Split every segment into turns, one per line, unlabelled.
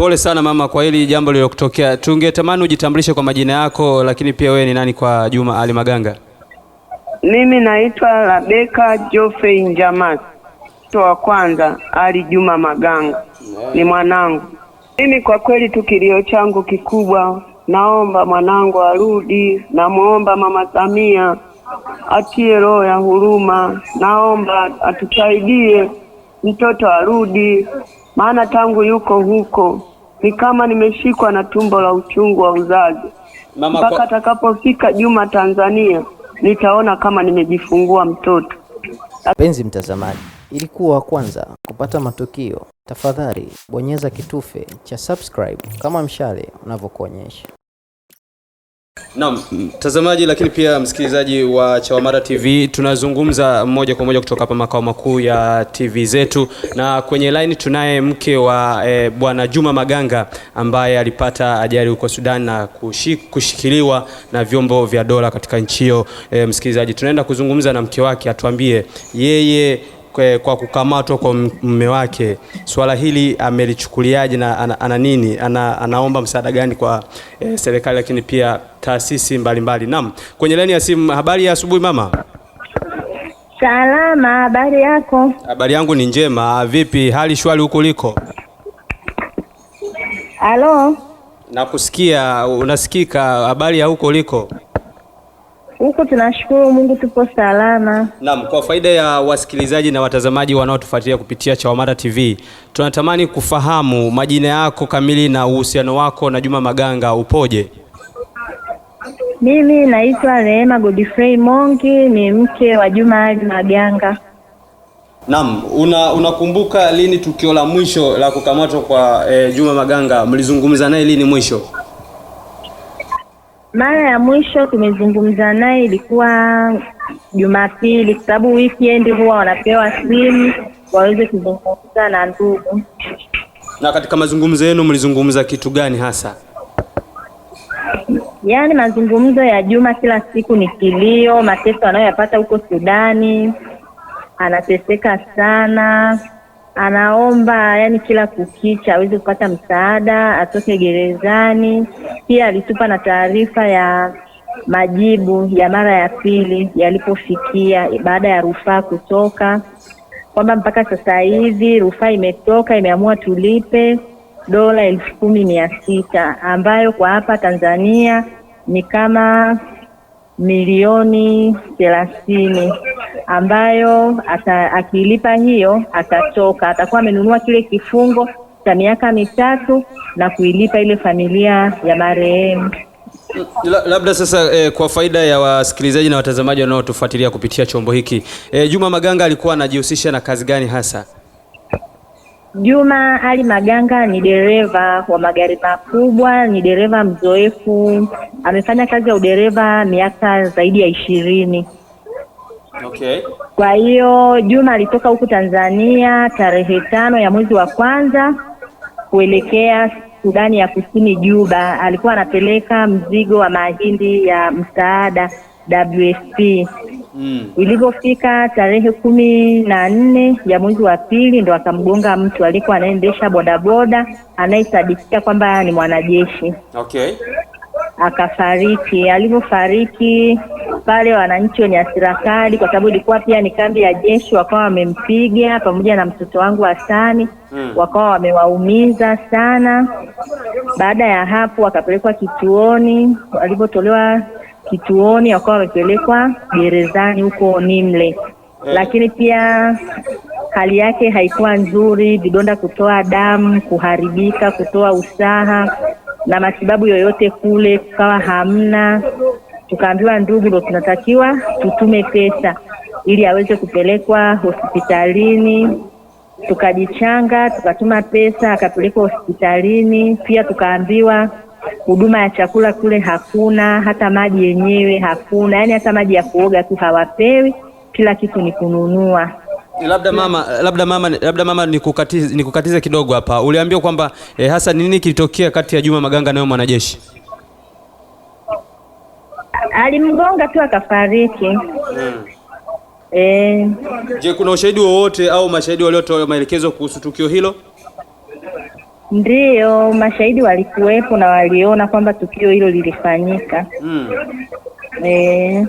Pole sana mama kwa hili jambo lililokutokea. Tungetamani ujitambulishe kwa majina yako, lakini pia wewe ni nani kwa Juma Ali Maganga?
Mimi naitwa Rabeka Jofe njamas mtoto wa kwanza Ali Juma Maganga, ni mwanangu. Mimi kwa kweli tu kilio changu kikubwa, naomba mwanangu arudi, namwomba Mama Samia atie roho ya huruma, naomba atusaidie mtoto arudi, maana tangu yuko huko ni kama nimeshikwa na tumbo la uchungu wa uzazi mpaka kwa... atakapofika Juma Tanzania nitaona kama nimejifungua mtoto.
Mpenzi mtazamaji, ili kuwa kwanza kupata matukio, tafadhali bonyeza kitufe cha subscribe kama mshale unavyokuonyesha. Naam, mtazamaji lakini pia msikilizaji wa Chawamata TV, tunazungumza moja kwa moja kutoka hapa makao makuu ya TV zetu, na kwenye line tunaye mke wa e, bwana Juma Maganga ambaye alipata ajali huko Sudan na kushik, kushikiliwa na vyombo vya dola katika nchi hiyo. E, msikilizaji, tunaenda kuzungumza na mke wake atuambie yeye kwa kukamatwa kwa mume wake, swala hili amelichukuliaje na ana, ana nini ana, anaomba msaada gani kwa e, serikali lakini pia taasisi mbalimbali? Naam, kwenye laini ya simu. Habari ya asubuhi mama.
Salama, habari yako?
Habari yangu ni njema. Vipi hali shwari huko uliko? Halo, nakusikia, unasikika. Habari ya huko uliko?
Huko tunashukuru Mungu, tupo salama.
Naam, kwa faida ya wasikilizaji na watazamaji wanaotufuatilia kupitia Chawamata TV, tunatamani kufahamu majina yako kamili na uhusiano wako na Juma Maganga upoje?
Mimi naitwa Rehema Godfrey Mongi, ni mke wa Juma Ali Maganga.
Naam, una unakumbuka lini tukio la mwisho la kukamatwa kwa eh, Juma Maganga? Mlizungumza naye lini mwisho?
Mara ya mwisho tumezungumza naye ilikuwa Jumapili, kwa sababu weekend huwa wanapewa simu waweze kuzungumza na ndugu.
Na katika mazungumzo yenu mlizungumza kitu gani hasa?
Yaani mazungumzo ya Juma kila siku ni kilio, mateso anayoyapata huko Sudani, anateseka sana anaomba yani kila kukicha aweze kupata msaada atoke gerezani. Pia alitupa na taarifa ya majibu ya mara ya pili yalipofikia baada ya rufaa kutoka, kwamba mpaka sasa hivi rufaa imetoka, imeamua tulipe dola elfu kumi mia sita ambayo kwa hapa Tanzania ni kama milioni thelathini ambayo ata, akilipa hiyo atatoka, atakuwa amenunua kile kifungo cha miaka mitatu na kuilipa ile familia ya marehemu.
Labda sasa eh, kwa faida ya wasikilizaji na watazamaji wanaotufuatilia kupitia chombo hiki eh, Juma Maganga alikuwa anajihusisha na kazi gani hasa?
Juma Ali Maganga ni dereva wa magari makubwa, ni dereva mzoefu, amefanya kazi ya udereva miaka zaidi ya ishirini. Okay. Kwa hiyo Juma alitoka huku Tanzania tarehe tano ya mwezi wa kwanza kuelekea Sudani ya Kusini Juba. Alikuwa anapeleka mzigo wa mahindi ya msaada WFP mm. Ilivyofika tarehe kumi na nne ya mwezi wa pili ndo akamgonga mtu alikuwa anaendesha bodaboda anayesadikika kwamba ni mwanajeshi okay. Akafariki. Alivyofariki pale, wananchi wenye asirakali kwa sababu ilikuwa pia ni kambi ya jeshi, wakawa wamempiga pamoja na mtoto wangu Hasani mm. wakawa wamewaumiza sana. Baada ya hapo, wakapelekwa kituoni, walivyotolewa kituoni, wakawa wamepelekwa gerezani huko Nimle eh. Lakini pia hali yake haikuwa nzuri, vidonda kutoa damu, kuharibika, kutoa usaha na matibabu yoyote kule kukawa hamna. Tukaambiwa ndugu, ndo tunatakiwa tutume pesa ili aweze kupelekwa hospitalini. Tukajichanga, tukatuma pesa, akapelekwa hospitalini. Pia tukaambiwa huduma ya chakula kule hakuna, hata maji yenyewe hakuna, yaani hata maji ya kuoga tu hawapewi, kila kitu ni kununua.
Labda mama, labda mama, labda mama nikukatize, nikukatize kidogo hapa. Uliambiwa kwamba eh, hasa nini kilitokea kati ya Juma Maganga nayo mwanajeshi?
Alimgonga tu akafariki. hmm.
Eh, je, kuna ushahidi wowote au mashahidi waliotoa maelekezo kuhusu tukio hilo?
Ndiyo, mashahidi walikuwepo na waliona kwamba tukio hilo lilifanyika. mm.
E,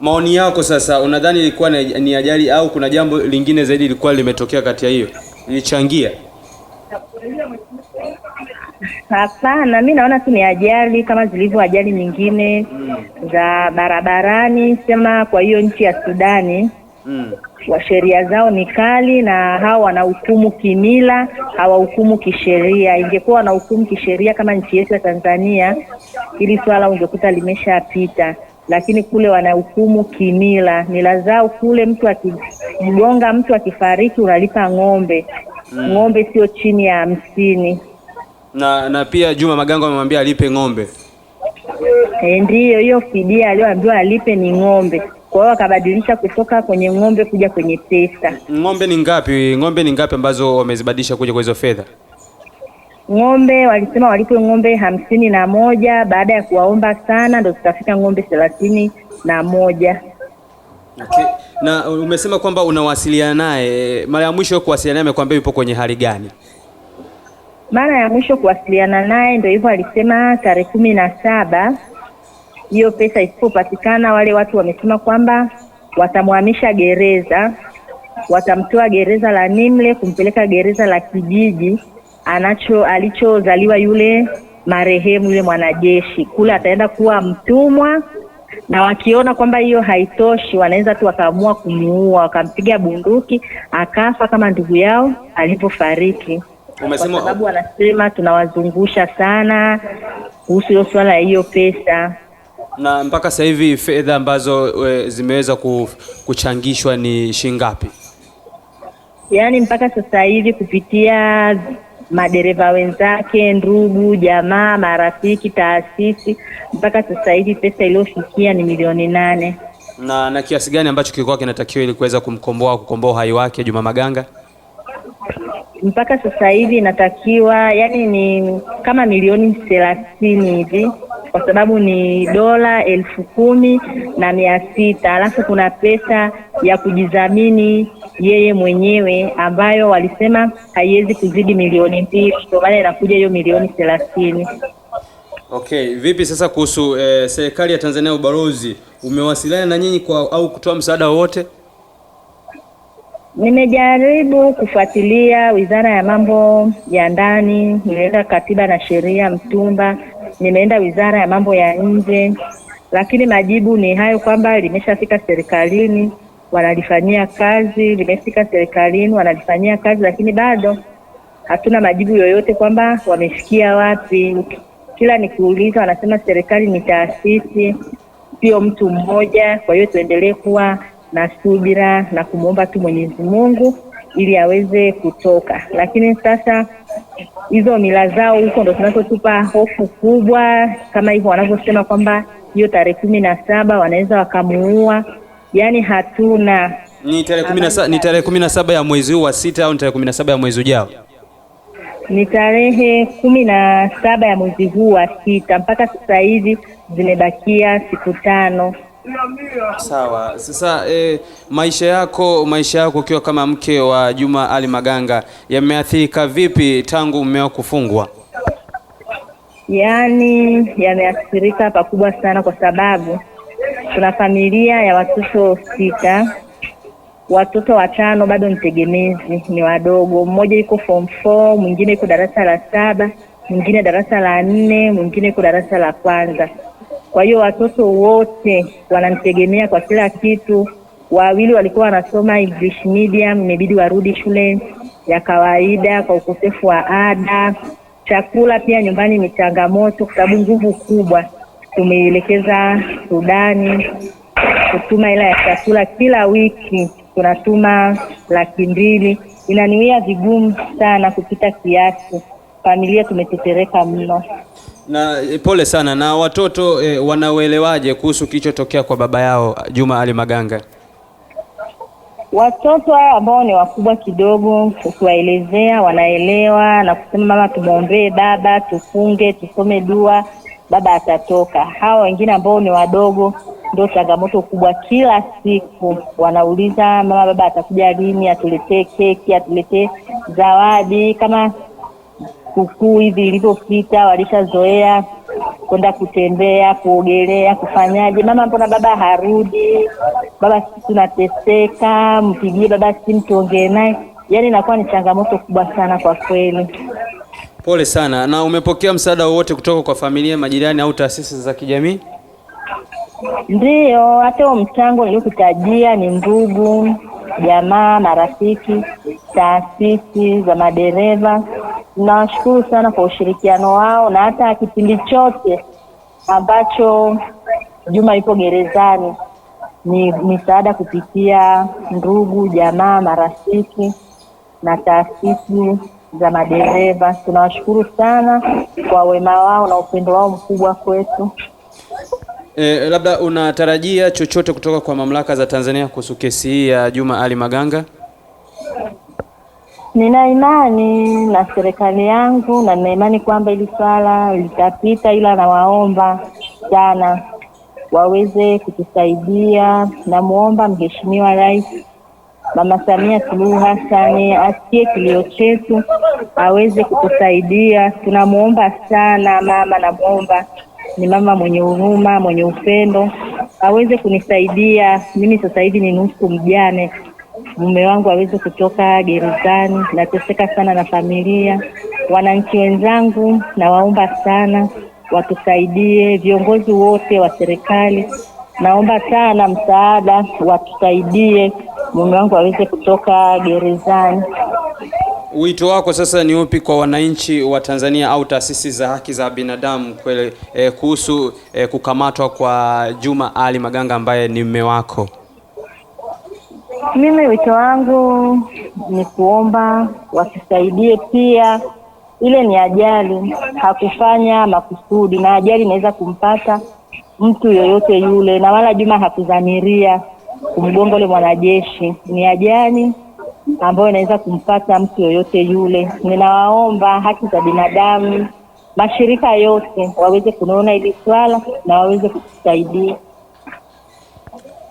maoni yako sasa, unadhani ilikuwa ni ajali au kuna jambo lingine zaidi lilikuwa limetokea kati ya hiyo ilichangia?
Hapana, mi naona tu ni ajali kama zilivyo ajali nyingine mm. za barabarani, sema kwa hiyo nchi ya Sudani mm wa sheria zao ni kali, na hawa wanahukumu kimila, hawahukumu kisheria. Ingekuwa wanahukumu kisheria kama nchi yetu ya Tanzania, hili swala ungekuta limeshapita, lakini kule wanahukumu kimila, mila zao kule. Mtu akigonga mtu akifariki, unalipa ng'ombe mm. ng'ombe sio chini ya hamsini
na na pia Juma Magango amemwambia alipe ng'ombe.
E, ndiyo hiyo fidia aliyoambiwa alipe ni ng'ombe kwa hiyo wakabadilisha kutoka kwenye ng'ombe kuja kwenye pesa.
Ng'ombe ni ngapi? Ng'ombe ni ngapi ambazo wamezibadilisha kuja kwa hizo fedha?
Ng'ombe walisema walipe ng'ombe hamsini na moja baada ya kuwaomba sana ndo zikafika ng'ombe thelathini na moja.
Okay. Na umesema kwamba unawasiliana naye, mara ya mwisho kuwasiliana naye amekwambia yupo kwenye hali gani?
Mara ya mwisho kuwasiliana naye ndio hivyo, alisema tarehe kumi na saba hiyo pesa isipopatikana, wale watu wamesema kwamba watamhamisha gereza, watamtoa gereza la Nimle kumpeleka gereza la kijiji anacho alichozaliwa yule marehemu yule mwanajeshi. Kule ataenda kuwa mtumwa, na wakiona kwamba hiyo haitoshi, wanaweza tu wakaamua kumuua, wakampiga bunduki akafa kama ndugu yao alivyofariki. Umesema kwa sababu wanasema tunawazungusha sana kuhusu hiyo swala ya hiyo pesa.
Na mpaka sasa hivi fedha ambazo eh, zimeweza kuchangishwa ni shingapi?
Yaani mpaka sasa hivi kupitia madereva wenzake, ndugu, jamaa, marafiki, taasisi, mpaka sasa hivi pesa iliyofikia ni milioni nane.
Na na kiasi gani ambacho kilikuwa kinatakiwa ili kuweza kumkomboa kukomboa uhai wake Juma Maganga?
Mpaka sasa hivi inatakiwa yani ni kama milioni thelathini hivi kwa sababu ni dola elfu kumi na mia sita alafu kuna pesa ya kujidhamini yeye mwenyewe ambayo walisema haiwezi kuzidi milioni mbili, ndio maana inakuja hiyo milioni thelathini.
Okay, vipi sasa kuhusu eh, serikali ya Tanzania ubalozi umewasiliana na nyinyi kwa au kutoa msaada wowote?
Nimejaribu kufuatilia Wizara ya Mambo ya Ndani, nilienda Katiba na Sheria Mtumba nimeenda Wizara ya Mambo ya Nje, lakini majibu ni hayo kwamba limeshafika serikalini, wanalifanyia kazi, limefika serikalini, wanalifanyia kazi, lakini bado hatuna majibu yoyote kwamba wamefikia wapi. Kila nikiuliza wanasema serikali ni taasisi, sio mtu mmoja. Kwa hiyo tuendelee kuwa na subira na kumwomba tu Mwenyezi Mungu ili aweze kutoka. Lakini sasa hizo mila zao huko ndo zinazotupa hofu kubwa, kama hivyo wanavyosema kwamba hiyo tarehe kumi na saba wanaweza wakamuua, yaani hatuna
ni tarehe kumi na saba ni tarehe kumi na saba ya mwezi huu wa sita au ni tarehe kumi na saba ya mwezi ujao?
Ni tarehe kumi na saba ya mwezi huu wa sita. Mpaka sasa hivi zimebakia siku tano.
Sawa. Sasa e, maisha yako maisha yako ukiwa kama mke wa Juma Ali Maganga yameathirika vipi tangu mmeo kufungwa?
Yaani yameathirika pakubwa sana, kwa sababu tuna familia ya watoto sita, watoto watano bado nitegemezi, ni wadogo. Mmoja yuko form 4, mwingine yuko darasa la saba, mwingine darasa la nne, mwingine yuko darasa la kwanza kwa hiyo watoto wote wanamtegemea kwa kila kitu. Wawili walikuwa wanasoma English medium, imebidi warudi shule ya kawaida kwa ukosefu wa ada. Chakula pia nyumbani ni changamoto, kwa sababu nguvu kubwa tumeielekeza Sudani kutuma ila ya chakula kila wiki tunatuma laki mbili, inaniwia vigumu sana kupita kiasi familia tumetetereka mno.
Na eh, pole sana. Na watoto eh, wanauelewaje kuhusu kilichotokea kwa baba yao Juma Ali Maganga?
Watoto hao ambao ni wakubwa kidogo, ukiwaelezea wanaelewa na kusema mama, tumwombee baba, tufunge, tusome dua, baba atatoka. Hawa wengine ambao ni wadogo ndio changamoto kubwa. Kila siku wanauliza mama, baba atakuja lini, atuletee keki, atuletee zawadi, kama sikukuu hivi ilivyopita, walishazoea kwenda kutembea, kuogelea, kufanyaje. Mama, mbona baba harudi? Baba, sisi tunateseka, mpigie baba simu tuongee naye. yani inakuwa ni changamoto kubwa sana kwa kweli.
Pole sana. Na umepokea msaada wowote kutoka kwa familia, majirani au taasisi za kijamii?
Ndiyo, hata huo mchango niliokutajia ni ndugu, jamaa, marafiki, taasisi za madereva Nawashukuru sana kwa ushirikiano wao na hata kipindi chote ambacho Juma yupo gerezani ni misaada kupitia ndugu, jamaa, marafiki na taasisi za madereva. Tunawashukuru sana kwa wema wao na upendo wao mkubwa kwetu.
Eh, labda unatarajia chochote kutoka kwa mamlaka za Tanzania kuhusu kesi hii ya Juma Ali Maganga?
Nina imani na serikali yangu na nina imani kwamba hili swala litapita, ila nawaomba sana waweze kutusaidia. Namwomba Mheshimiwa Rais Mama Samia Suluhu Hassan asikie kilio chetu, aweze kutusaidia. Tunamwomba sana mama, namwomba ni mama mwenye huruma, mwenye upendo, aweze kunisaidia mimi. Sasa hivi ni nusu mjane mume wangu aweze kutoka gerezani. Nateseka sana na familia. Wananchi wenzangu, nawaomba sana watusaidie, viongozi wote wa serikali, naomba sana msaada, watusaidie mume wangu aweze kutoka gerezani.
Wito wako sasa ni upi kwa wananchi wa Tanzania au taasisi za haki za binadamu kwele, eh, kuhusu eh, kukamatwa kwa Juma Ali Maganga ambaye ni mume wako?
Mimi wito wangu ni kuomba watusaidie, pia ile ni ajali, hakufanya makusudi, na ajali inaweza kumpata mtu yoyote yule, na wala Juma hakudhamiria kumgonga ule mwanajeshi. Ni ajali ambayo inaweza kumpata mtu yoyote yule. Ninawaomba haki za binadamu, mashirika yote waweze kunaona hili swala na waweze kutusaidia.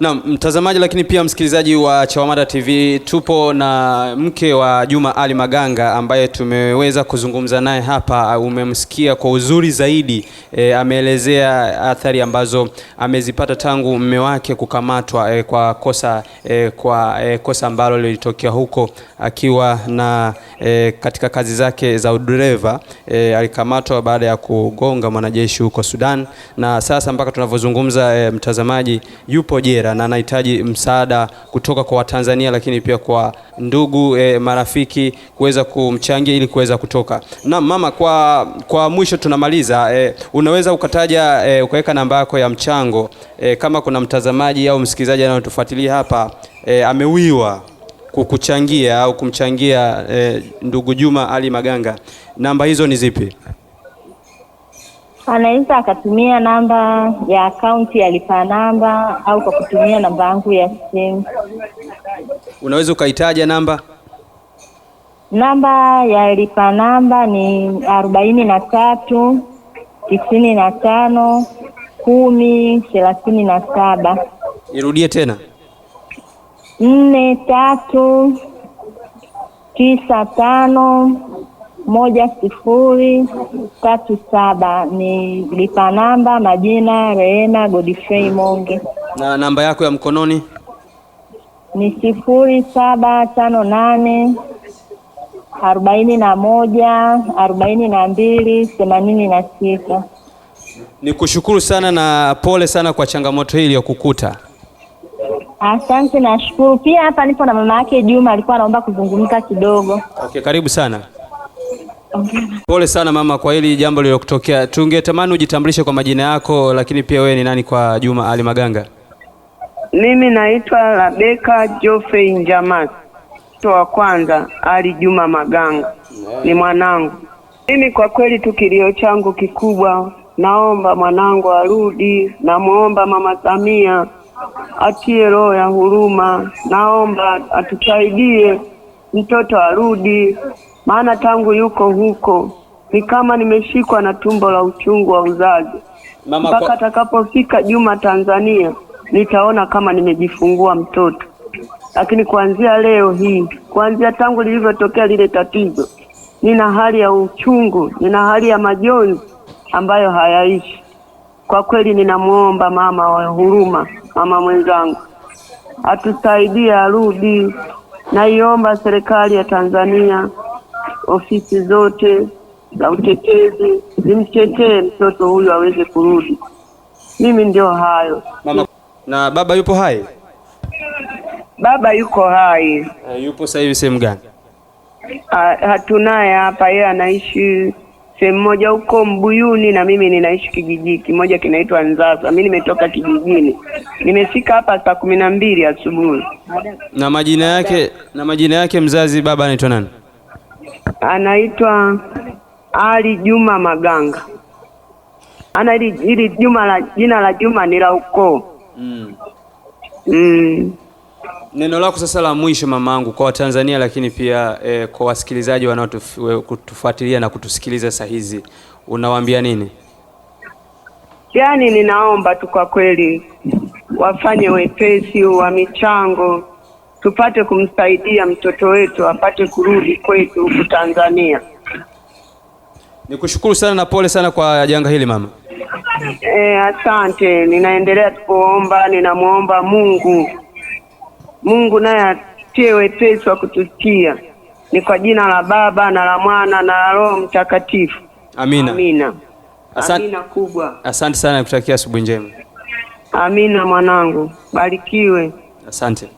Na mtazamaji lakini pia msikilizaji wa Chawamata TV, tupo na mke wa Juma Ali Maganga ambaye tumeweza kuzungumza naye hapa. Umemsikia kwa uzuri zaidi e, ameelezea athari ambazo amezipata tangu mme wake kukamatwa e, kwa kosa e, kwa e, kosa ambalo lilitokea huko akiwa na e, katika kazi zake za udereva e, alikamatwa baada ya kugonga mwanajeshi huko Sudan, na sasa mpaka tunavyozungumza e, mtazamaji yupo jera Mandela na anahitaji msaada kutoka kwa Watanzania, lakini pia kwa ndugu e, marafiki kuweza kumchangia ili kuweza kutoka. Na mama, kwa, kwa mwisho tunamaliza e, unaweza ukataja e, ukaweka namba yako ya mchango e, kama kuna mtazamaji au msikilizaji anayotufuatilia hapa e, amewiwa kukuchangia au kumchangia e, ndugu Juma Ali Maganga, namba hizo ni zipi?
anaweza akatumia namba ya akaunti ya lipa namba au kwa kutumia namba yangu ya simu.
Unaweza ukaitaja namba?
Namba ya lipa namba ni arobaini na tatu tisini na tano kumi thelathini na saba.
Irudie tena.
nne tatu tisa tano moja sifuri tatu saba ni lipa namba, majina Rehema Godfrey Monge,
na namba yako ya mkononi
ni sifuri saba tano nane arobaini na moja arobaini na mbili themanini na sita.
Ni kushukuru sana na pole sana kwa changamoto hii iliyokukuta.
Asante, nashukuru pia. Hapa nipo na mama yake Juma, alikuwa anaomba kuzungumza kidogo.
Okay, karibu sana. Pole sana mama kwa hili jambo lililotokea. Tungetamani ujitambulishe kwa majina yako, lakini pia wewe ni nani kwa Juma Ali Maganga?
Mimi naitwa Rabeka Joffrey Njamasi, mtoto wa kwanza Ali Juma Maganga, ni mwanangu. Mimi kwa kweli tu kilio changu kikubwa, naomba mwanangu arudi, namwomba Mama Samia atie roho ya huruma, naomba atusaidie mtoto arudi maana tangu yuko huko ni kama nimeshikwa na tumbo la uchungu wa uzazi mpaka kwa... atakapofika Juma Tanzania nitaona kama nimejifungua mtoto, lakini kuanzia leo hii, kuanzia tangu lilivyotokea lile tatizo, nina hali ya uchungu, nina hali ya majonzi ambayo hayaishi. Kwa kweli, ninamwomba mama wa huruma, mama mwenzangu atusaidie arudi. Naiomba serikali ya Tanzania ofisi zote za utetezi zimtetee mtoto huyu aweze kurudi. Mimi ndio hayo. Mama
na baba yupo hai?
Baba yuko hai. Uh,
yupo sasa hivi sehemu gani?
Uh, hatunaye hapa, yeye anaishi sehemu moja huko Mbuyuni na mimi ninaishi kijiji kimoja kinaitwa Nzasa. Mimi nimetoka kijijini, nimefika hapa saa kumi na mbili asubuhi.
Na majina yake, na majina yake mzazi baba anaitwa nani?
anaitwa Ali Juma Maganga. Ana ili Juma la jina la Juma ni la ukoo mm.
mm. Neno lako sasa la mwisho mamangu, kwa Watanzania lakini pia eh, kwa wasikilizaji wanaotufuatilia na kutusikiliza saa hizi unawaambia nini?
Yaani, ninaomba tu kwa kweli wafanye wepesi wa michango tupate kumsaidia mtoto wetu apate kurudi kwetu huku Tanzania.
Nikushukuru sana na pole sana kwa janga hili mama.
E, asante. Ninaendelea tukuomba, ninamwomba Mungu, Mungu naye atie wepesi wa kutusikia. Ni kwa jina la Baba na la Mwana na la Roho Mtakatifu. Amina. Amina. Asante. Amina kubwa.
Asante sana, nikutakia asubuhi njema.
Amina mwanangu, barikiwe.
Asante.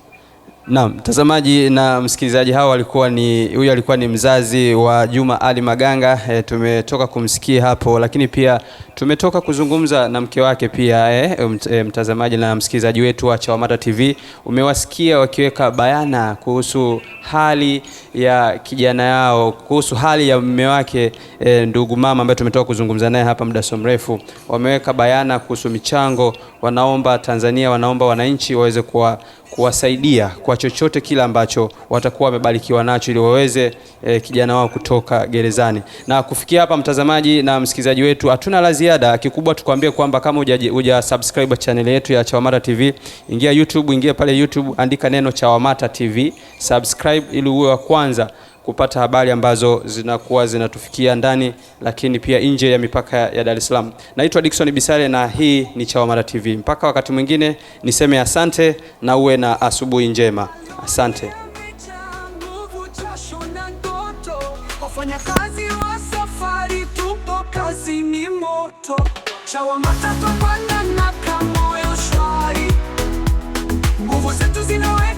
Naam, mtazamaji na msikilizaji, hao walikuwa ni huyu alikuwa ni mzazi wa Juma Ali Maganga. E, tumetoka kumsikia hapo, lakini pia Tumetoka kuzungumza na mke wake pia eh, eh mtazamaji na msikilizaji wetu wa Chawamata TV, umewasikia wakiweka bayana kuhusu hali ya kijana yao, kuhusu hali ya mume wake eh, ndugu mama ambaye tumetoka kuzungumza naye hapa muda so mrefu. Wameweka bayana kuhusu michango, wanaomba Tanzania, wanaomba wananchi waweze kuwa kuwasaidia kwa chochote kile ambacho watakuwa wamebarikiwa nacho ili waweze eh, kijana wao kutoka gerezani. Na kufikia hapa, mtazamaji na msikilizaji wetu, hatuna lazia ziada, kikubwa tukwambie kwamba kama uja subscribe channel yetu ya Chawamata TV, ingia YouTube, ingia pale YouTube, andika neno Chawamata TV, subscribe ili uwe wa kwanza kupata habari ambazo zinakuwa zinatufikia ndani lakini pia nje ya mipaka ya Dar es Salaam. Naitwa Dickson Bisale na hii ni Chawamata TV. Mpaka wakati mwingine, niseme asante na uwe na asubuhi njema. Asante. moto chawa matatu pana na kamoyo shwari, nguvu zetu zinawe